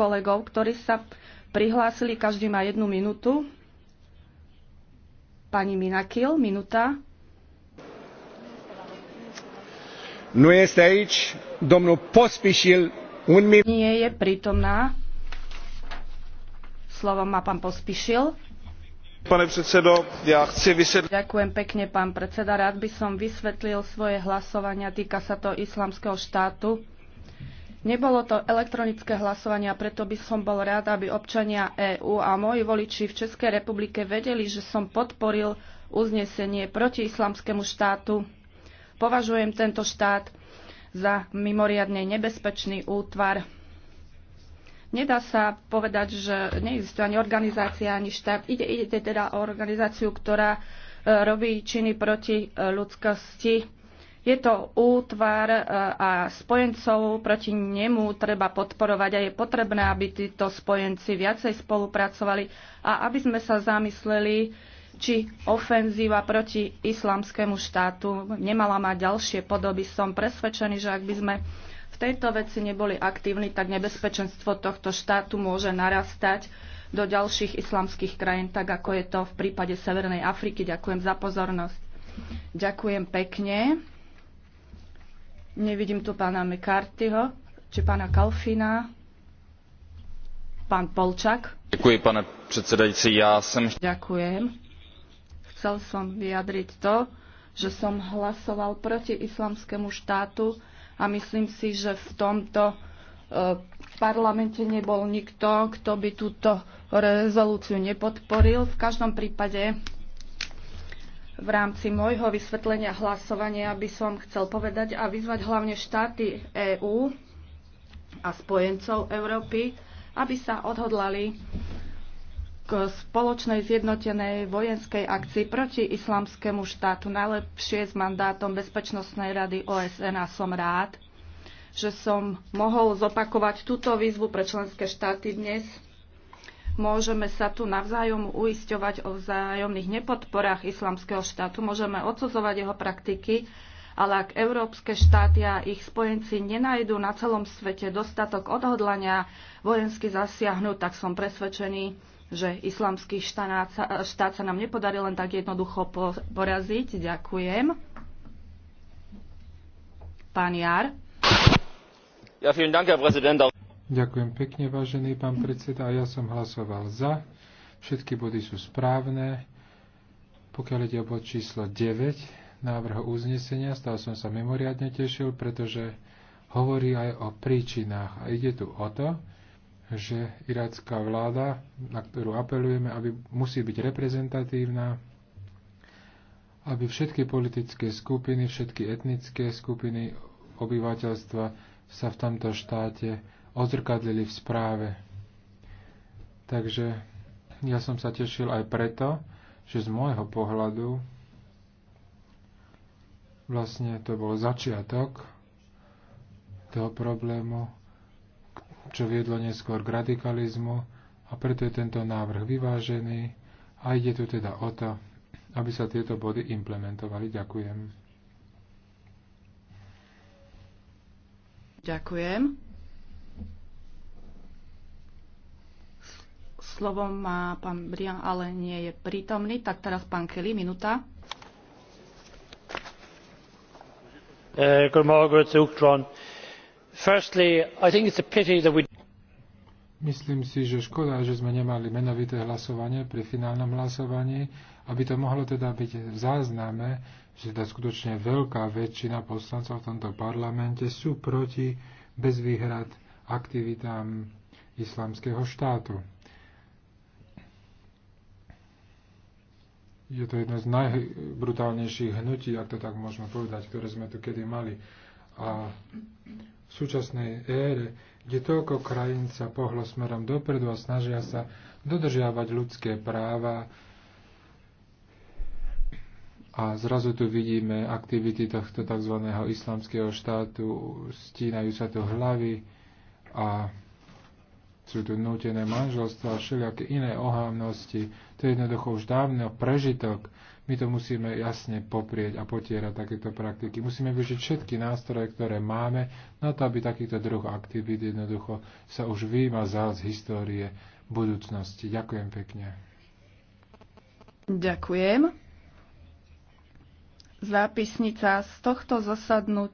kolegov, ktorí sa prihlásili. Každý má jednu minútu. Pani Minakil, minúta. Nu este aici domnul Pospișil, un minut. Nie je prítomná. Slovo má pán Pospišil. Pane predsedo, ja chci vysvetliť... Ďakujem pekne, pán predseda. Rád by som vysvetlil svoje hlasovania. Týka sa to islamského štátu Nebolo to elektronické hlasovanie a preto by som bol rád, aby občania EÚ a moji voliči v Českej republike vedeli, že som podporil uznesenie proti islamskému štátu. Považujem tento štát za mimoriadne nebezpečný útvar. Nedá sa povedať, že neexistuje ani organizácia, ani štát. Ide, ide teda o organizáciu, ktorá e, robí činy proti e, ľudskosti je to útvar e, a spojencov proti nemu treba podporovať a je potrebné, aby títo spojenci viacej spolupracovali a aby sme sa zamysleli, či ofenzíva proti islamskému štátu nemala mať ďalšie podoby. Som presvedčený, že ak by sme v tejto veci neboli aktívni, tak nebezpečenstvo tohto štátu môže narastať do ďalších islamských krajín, tak ako je to v prípade Severnej Afriky. Ďakujem za pozornosť. Ďakujem pekne. Nevidím tu pána McCarthyho, či pána Kalfina. Pán Polčak. Ďakujem, pane predsedajúci. Ja som... Ďakujem. Chcel som vyjadriť to, že som hlasoval proti islamskému štátu a myslím si, že v tomto v e, parlamente nebol nikto, kto by túto rezolúciu nepodporil. V každom prípade v rámci môjho vysvetlenia hlasovania by som chcel povedať a vyzvať hlavne štáty EÚ a spojencov Európy, aby sa odhodlali k spoločnej zjednotenej vojenskej akcii proti islamskému štátu, najlepšie s mandátom Bezpečnostnej rady OSN a som rád, že som mohol zopakovať túto výzvu pre členské štáty dnes Môžeme sa tu navzájom uisťovať o vzájomných nepodporách islamského štátu, môžeme odsudzovať jeho praktiky, ale ak európske štáty a ich spojenci nenajdú na celom svete dostatok odhodlania vojensky zasiahnuť, tak som presvedčený, že islamský štát, štát sa nám nepodarí len tak jednoducho poraziť. Ďakujem. Pán Jar. Ja, vielen Dank, Herr Präsident. Ďakujem pekne, vážený pán predseda. Ja som hlasoval za. Všetky body sú správne. Pokiaľ ide o bod číslo 9 návrhu uznesenia, stal som sa mimoriadne tešil, pretože hovorí aj o príčinách. A ide tu o to, že iracká vláda, na ktorú apelujeme, aby musí byť reprezentatívna, aby všetky politické skupiny, všetky etnické skupiny obyvateľstva sa v tomto štáte odzrkadlili v správe. Takže ja som sa tešil aj preto, že z môjho pohľadu vlastne to bol začiatok toho problému, čo viedlo neskôr k radikalizmu a preto je tento návrh vyvážený a ide tu teda o to, aby sa tieto body implementovali. Ďakujem. Ďakujem. Slovo má pán Brian, ale nie je prítomný. Tak teraz pán Kelly, minúta. Eh, Myslím si, že škoda, že sme nemali menovité hlasovanie pri finálnom hlasovaní, aby to mohlo teda byť v zázname, že tá teda skutočne veľká väčšina poslancov v tomto parlamente sú proti bez výhrad aktivitám islamského štátu. je to jedno z najbrutálnejších hnutí, ak to tak môžeme povedať, ktoré sme tu kedy mali. A v súčasnej ére, kde toľko krajín sa pohlo smerom dopredu a snažia sa dodržiavať ľudské práva, a zrazu tu vidíme aktivity tohto tzv. islamského štátu, stínajú sa tu hlavy a sú tu nútené manželstva a všelijaké iné ohávnosti. To je jednoducho už dávno prežitok. My to musíme jasne poprieť a potierať takéto praktiky. Musíme využiť všetky nástroje, ktoré máme, na to, aby takýto druh aktivít jednoducho sa už vymazal z histórie budúcnosti. Ďakujem pekne. Ďakujem. Zápisnica z tohto zasadnutia